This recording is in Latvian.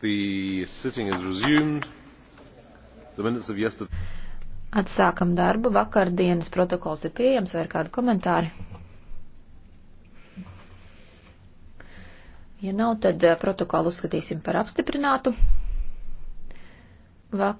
The sitting is resumed. The minutes of yesterday. Atsākam darbu. Vakar dienas protokols ir pieejams. Vai ir kādi komentāri? Ja nav, tad eh, protokolu uzskatīsim par apstiprinātu. Vakar